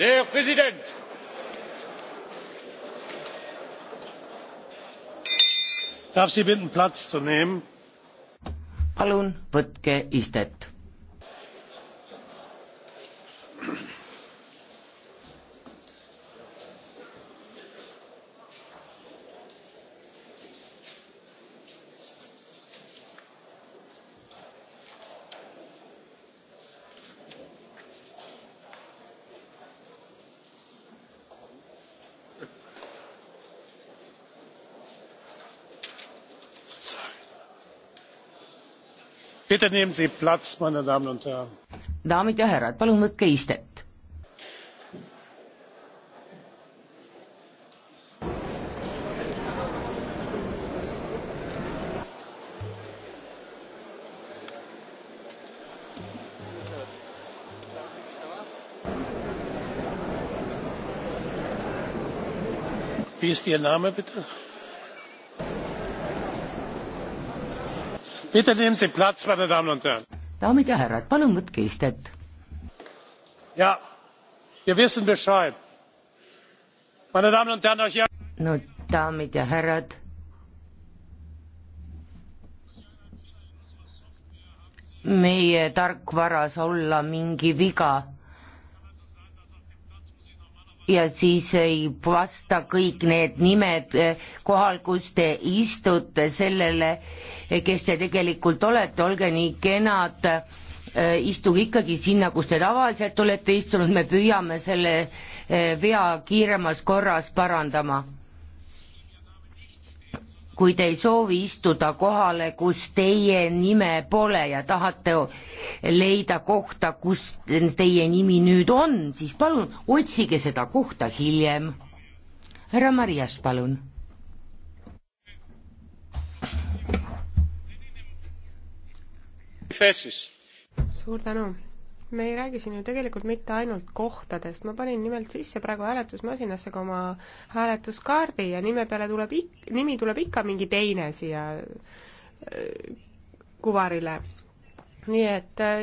Der Präsident! Darf Sie bitten, Platz zu nehmen? Palun, võtke istet. platz. bitte nehmen sie platz meine damen und herren! daamid ja härrad palun võtke istet. wie ist ihr name bitte? daamid ja härrad, palun võtke istet. no daamid ja härrad. meie tarkvaras olla mingi viga ja siis ei vasta kõik need nimed eh, kohal, kus te istute, sellele kes te tegelikult olete, olge nii kenad, äh, istuge ikkagi sinna, kus te tavaliselt olete istunud, me püüame selle äh, vea kiiremas korras parandama. kui te ei soovi istuda kohale, kus teie nime pole ja tahate leida kohta, kus teie nimi nüüd on, siis palun otsige seda kohta hiljem. härra Marias, palun suur tänu me ei räägi siin ju tegelikult mitte ainult kohtadest, ma panin nimelt sisse praegu hääletusmasinasse ka oma hääletuskaardi ja nime peale tuleb ik-, nimi tuleb ikka mingi teine siia äh, kuvarile. nii et äh,